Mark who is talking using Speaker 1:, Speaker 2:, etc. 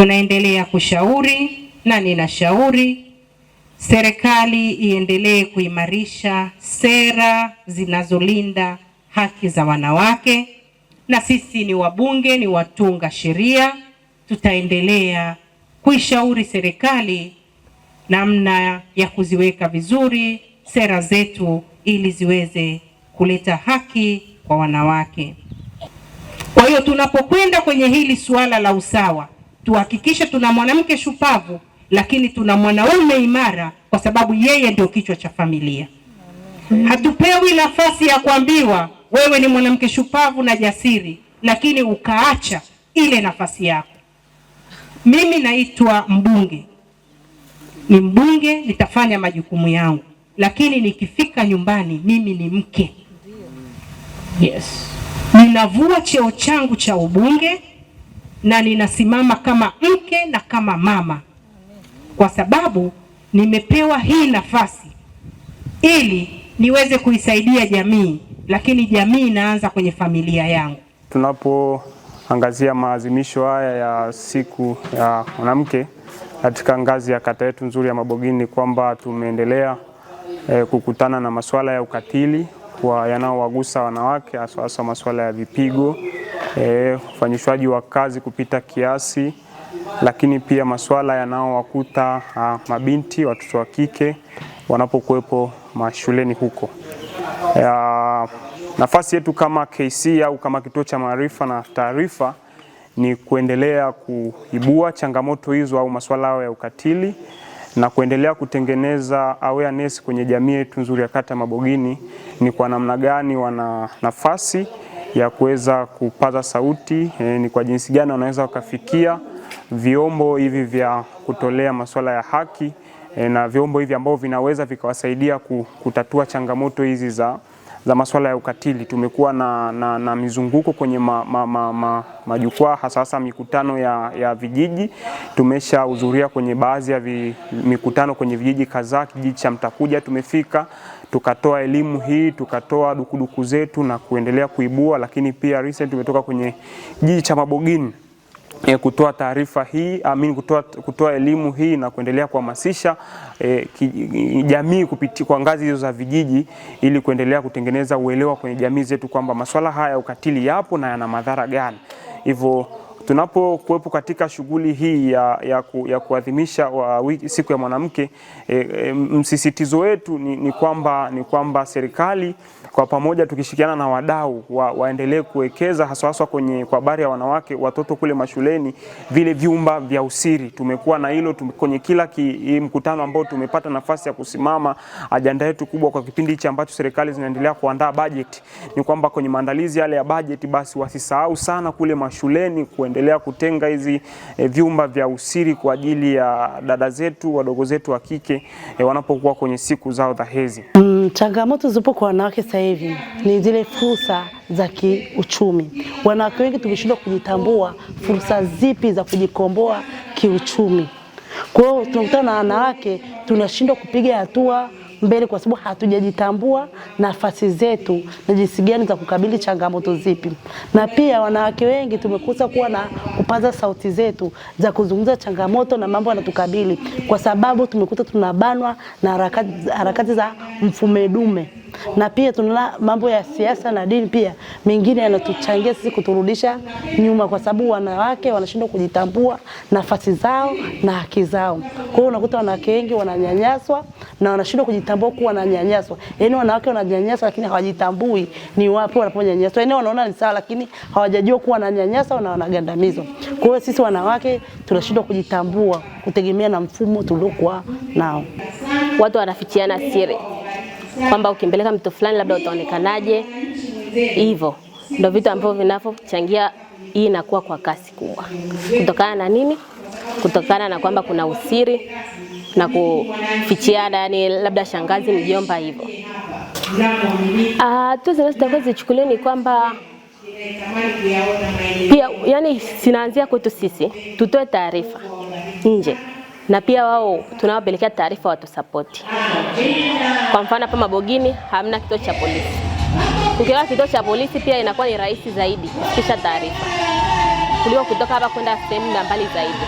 Speaker 1: Tunaendelea kushauri na ninashauri serikali iendelee kuimarisha sera zinazolinda haki za wanawake, na sisi ni wabunge, ni watunga sheria, tutaendelea kuishauri serikali namna ya kuziweka vizuri sera zetu ili ziweze kuleta haki kwa wanawake. Kwa hiyo tunapokwenda kwenye hili suala la usawa tuhakikishe tuna mwanamke shupavu, lakini tuna mwanaume imara, kwa sababu yeye ndio kichwa cha familia. Hatupewi nafasi ya kuambiwa wewe ni mwanamke shupavu na jasiri, lakini ukaacha ile nafasi yako. Mimi naitwa mbunge, ni mbunge, nitafanya majukumu yangu, lakini nikifika nyumbani mimi ni mke. Yes, ninavua cheo changu cha ubunge na ninasimama kama mke na kama mama, kwa sababu nimepewa hii nafasi ili niweze kuisaidia jamii, lakini jamii inaanza kwenye familia yangu.
Speaker 2: Tunapoangazia maadhimisho haya ya siku ya mwanamke katika ngazi ya kata yetu nzuri ya Mabogini, kwamba tumeendelea eh, kukutana na masuala ya ukatili kwa yanayowagusa wanawake hasa masuala ya vipigo Eh, ufanyishwaji e, wa kazi kupita kiasi, lakini pia masuala yanaowakuta ah, mabinti watoto wa kike wanapokuwepo mashuleni huko. E, nafasi yetu kama KC au kama kituo cha maarifa na taarifa ni kuendelea kuibua changamoto hizo au masuala hayo ya ukatili na kuendelea kutengeneza awareness kwenye jamii yetu nzuri ya kata Mabogini, ni kwa namna gani wana nafasi ya kuweza kupaza sauti e, ni kwa jinsi gani wanaweza wakafikia vyombo hivi vya kutolea masuala ya haki e, na vyombo hivi ambavyo vinaweza vikawasaidia kutatua changamoto hizi za, za masuala ya ukatili. Tumekuwa na, na, na mizunguko kwenye ma, ma, ma, ma, majukwaa hasa hasa mikutano ya, ya vijiji. Tumeshahudhuria kwenye baadhi ya vi, mikutano kwenye vijiji kadhaa. Kijiji cha Mtakuja tumefika tukatoa elimu hii, tukatoa dukuduku zetu na kuendelea kuibua, lakini pia recent tumetoka kwenye jiji cha Mabogini E, eh, kutoa taarifa hii amini, kutoa, kutoa elimu hii na kuendelea kuhamasisha e, jamii kupitia kwa ngazi hizo za vijiji ili kuendelea kutengeneza uelewa kwenye jamii zetu kwamba masuala haya ya ukatili yapo na yana madhara gani hivyo tunapokuwepo katika shughuli hii ya, ya, ku, ya kuadhimisha wa uh, wiki, siku ya mwanamke e, e, msisitizo wetu ni, ni kwamba ni kwamba serikali kwa pamoja tukishirikiana na wadau wa, waendelee kuwekeza haswa haswa kwenye kwa habari ya wanawake watoto kule mashuleni, vile vyumba vya usiri. Tumekuwa na hilo kwenye kila ki, mkutano ambao tumepata nafasi ya kusimama. Ajenda yetu kubwa kwa kipindi hichi ambacho serikali zinaendelea kuandaa bajeti ni kwamba kwenye maandalizi yale ya bajeti, basi wasisahau sana kule mashuleni kuende tunaendelea kutenga hizi e, vyumba vya usiri kwa ajili ya dada zetu wadogo zetu wa kike e, wanapokuwa kwenye siku zao za hedhi.
Speaker 3: Mm, changamoto zipo kwa wanawake sasa hivi ni zile fursa za kiuchumi. Wanawake wengi tumeshindwa kujitambua fursa zipi za kujikomboa kiuchumi. Kwa hiyo tunakutana na wanawake tunashindwa kupiga hatua mbele, kwa sababu hatujajitambua nafasi zetu na jinsi gani za kukabili changamoto zipi, na pia wanawake wengi tumekosa kuwa na kupaza sauti zetu za kuzungumza changamoto na mambo yanatukabili, kwa sababu tumekuta tunabanwa na harakati, harakati za mfumo dume na pia tunaona mambo ya siasa na dini pia mengine yanatuchangia sisi kuturudisha nyuma, kwa sababu wanawake wanashindwa kujitambua nafasi zao na haki zao. Kwa hiyo unakuta wanawake wengi wananyanyaswa na wanashindwa kujitambua kuwa wananyanyaswa. Yaani wanawake wananyanyaswa lakini hawajitambui ni wapi wanaponyanyaswa. Yaani wanaona ni sawa lakini hawajajua kuwa wananyanyaswa na wanagandamizwa. Kwa hiyo sisi wanawake tunashindwa kujitambua kutegemea na mfumo tuliokuwa nao.
Speaker 4: Watu wanafichiana siri kwamba ukimpeleka mtu fulani labda utaonekanaje hivyo ndio vitu ambavyo vinavyochangia hii inakuwa kwa kasi kubwa. Kutokana na nini? kutokana na kwamba kuna usiri na kufichiana, yani labda shangazi, mjomba hivyo. Hatua ah, zinazotakiwa zichukuliwe ni kwamba pia yani sinaanzia kwetu sisi, tutoe taarifa nje na pia wao tunawapelekea taarifa watusapoti. Kwa mfano hapa Mabogini hamna kituo cha polisi. Ukiwa kituo cha polisi pia inakuwa ni rahisi zaidi kufikisha taarifa kuliko kutoka hapa kwenda sehemu mbali zaidi.